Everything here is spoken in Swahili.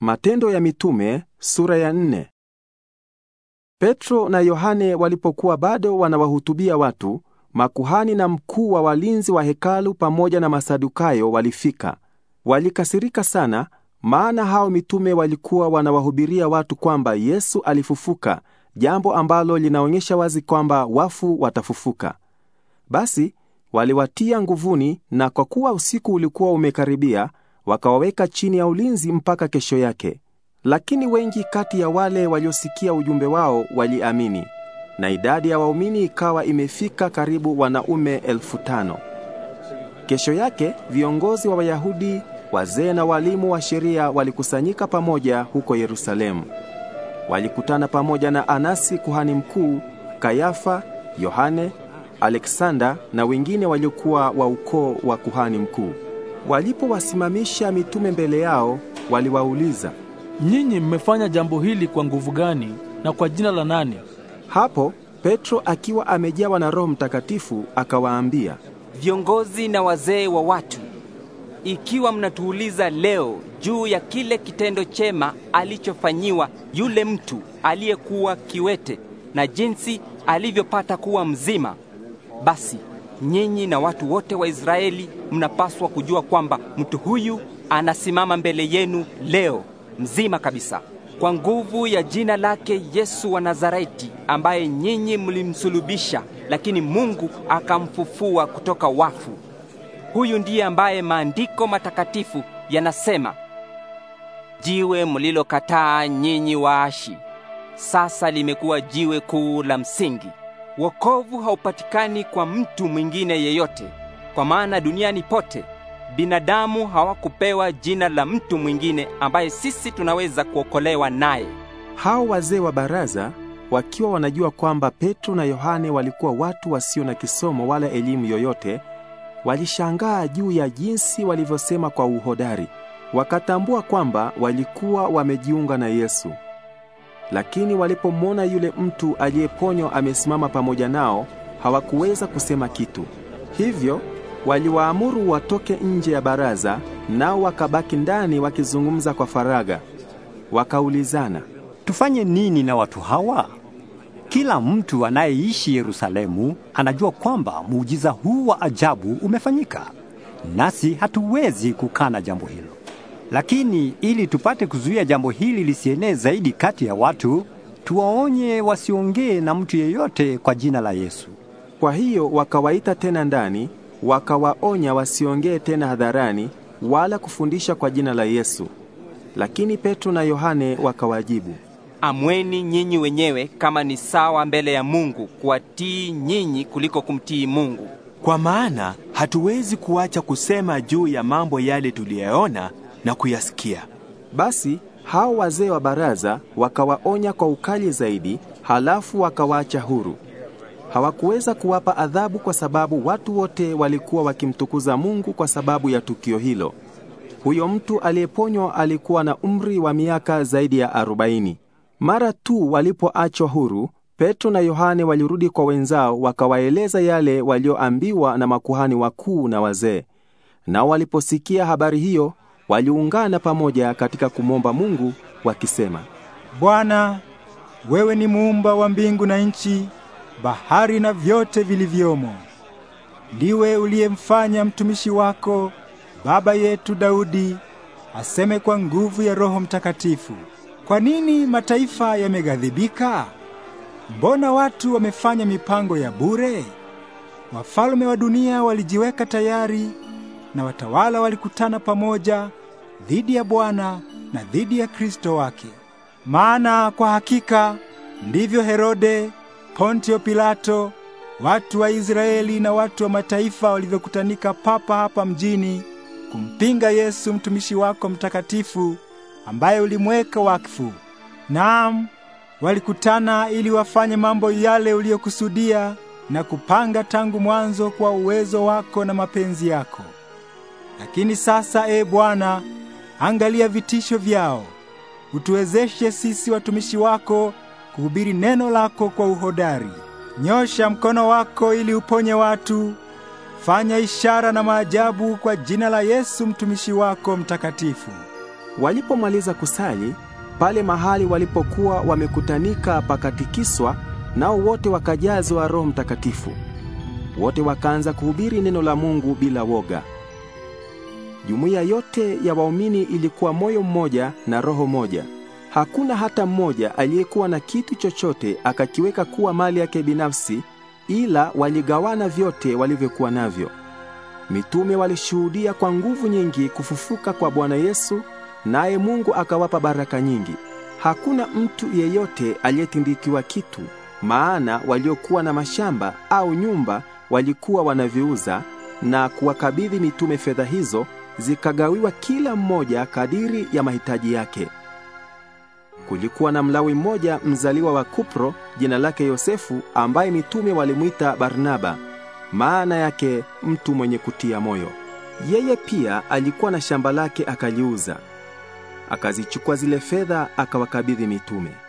Matendo ya Mitume sura ya nne. Petro na Yohane walipokuwa bado wanawahutubia watu, makuhani na mkuu wa walinzi wa hekalu pamoja na Masadukayo walifika. Walikasirika sana, maana hao mitume walikuwa wanawahubiria watu kwamba Yesu alifufuka, jambo ambalo linaonyesha wazi kwamba wafu watafufuka. Basi waliwatia nguvuni, na kwa kuwa usiku ulikuwa umekaribia wakawaweka chini ya ulinzi mpaka kesho yake. Lakini wengi kati ya wale waliosikia ujumbe wao waliamini, na idadi ya waumini ikawa imefika karibu wanaume elfu tano. Kesho yake viongozi wa Wayahudi, wazee na walimu wa sheria walikusanyika pamoja huko Yerusalemu. Walikutana pamoja na Anasi kuhani mkuu, Kayafa, Yohane, Aleksanda na wengine waliokuwa wa ukoo wa kuhani mkuu. Walipowasimamisha mitume mbele yao, waliwauliza, nyinyi mmefanya jambo hili kwa nguvu gani na kwa jina la nani? Hapo Petro akiwa amejawa na Roho Mtakatifu akawaambia, viongozi na wazee wa watu, ikiwa mnatuuliza leo juu ya kile kitendo chema alichofanyiwa yule mtu aliyekuwa kiwete na jinsi alivyopata kuwa mzima, basi nyinyi na watu wote wa Israeli mnapaswa kujua kwamba mtu huyu anasimama mbele yenu leo mzima kabisa kwa nguvu ya jina lake Yesu wa Nazareti, ambaye nyinyi mlimsulubisha, lakini Mungu akamfufua kutoka wafu. Huyu ndiye ambaye maandiko matakatifu yanasema, jiwe mlilokataa nyinyi waashi, sasa limekuwa jiwe kuu la msingi. Wokovu haupatikani kwa mtu mwingine yeyote, kwa maana duniani pote binadamu hawakupewa jina la mtu mwingine ambaye sisi tunaweza kuokolewa naye. Hao wazee wa baraza wakiwa wanajua kwamba Petro na Yohane walikuwa watu wasio na kisomo wala elimu yoyote, walishangaa juu ya jinsi walivyosema kwa uhodari. Wakatambua kwamba walikuwa wamejiunga na Yesu. Lakini walipomwona yule mtu aliyeponywa amesimama pamoja nao, hawakuweza kusema kitu. Hivyo waliwaamuru watoke nje ya baraza, nao wakabaki ndani wakizungumza kwa faraga Wakaulizana, tufanye nini na watu hawa? Kila mtu anayeishi Yerusalemu anajua kwamba muujiza huu wa ajabu umefanyika, nasi hatuwezi kukana jambo hilo. Lakini ili tupate kuzuia jambo hili lisienee zaidi kati ya watu, tuwaonye wasiongee na mtu yeyote kwa jina la Yesu. Kwa hiyo wakawaita tena ndani, wakawaonya wasiongee tena hadharani wala kufundisha kwa jina la Yesu. Lakini Petro na Yohane wakawajibu, Amweni nyinyi wenyewe kama ni sawa mbele ya Mungu kuwatii nyinyi kuliko kumtii Mungu. Kwa maana hatuwezi kuacha kusema juu ya mambo yale tuliyoona na kuyasikia. Basi hao wazee wa baraza wakawaonya kwa ukali zaidi, halafu wakawaacha huru. Hawakuweza kuwapa adhabu kwa sababu watu wote walikuwa wakimtukuza Mungu kwa sababu ya tukio hilo. Huyo mtu aliyeponywa alikuwa na umri wa miaka zaidi ya arobaini. Mara tu walipoachwa huru, Petro na Yohane walirudi kwa wenzao wakawaeleza yale walioambiwa na makuhani wakuu na wazee. Nao waliposikia habari hiyo, waliungana pamoja katika kumwomba Mungu wakisema, Bwana, wewe ni muumba wa mbingu na nchi, bahari na vyote vilivyomo. Ndiwe uliyemfanya mtumishi wako baba yetu Daudi aseme kwa nguvu ya Roho Mtakatifu, kwa nini mataifa yameghadhibika? Mbona watu wamefanya mipango ya bure? Wafalme wa dunia walijiweka tayari na watawala walikutana pamoja dhidi ya Bwana na dhidi ya Kristo wake. Maana kwa hakika ndivyo Herode, Pontio Pilato, watu wa Israeli na watu wa mataifa walivyokutanika papa hapa mjini kumpinga Yesu mtumishi wako mtakatifu ambaye ulimweka wakfu. Naam, walikutana ili wafanye mambo yale uliyokusudia na kupanga tangu mwanzo kwa uwezo wako na mapenzi yako. Lakini sasa, e Bwana, angalia vitisho vyao, utuwezeshe sisi watumishi wako kuhubiri neno lako kwa uhodari. Nyosha mkono wako ili uponye watu. Fanya ishara na maajabu kwa jina la Yesu mtumishi wako mtakatifu. Walipomaliza kusali, pale mahali walipokuwa wamekutanika pakatikiswa, nao wote wakajazwa Roho Mtakatifu. Wote wakaanza kuhubiri neno la Mungu bila woga. Jumuiya yote ya waumini ilikuwa moyo mmoja na roho moja. Hakuna hata mmoja aliyekuwa na kitu chochote akakiweka kuwa mali yake binafsi, ila waligawana vyote walivyokuwa navyo. Mitume walishuhudia kwa nguvu nyingi kufufuka kwa Bwana Yesu, naye Mungu akawapa baraka nyingi. Hakuna mtu yeyote aliyetindikiwa kitu, maana waliokuwa na mashamba au nyumba walikuwa wanaviuza na kuwakabidhi mitume fedha hizo zikagawiwa kila mmoja kadiri ya mahitaji yake. Kulikuwa na Mlawi mmoja mzaliwa wa Kupro, jina lake Yosefu, ambaye mitume walimwita Barnaba, maana yake mtu mwenye kutia moyo. Yeye pia alikuwa na shamba lake akaliuza, akazichukua zile fedha akawakabidhi mitume.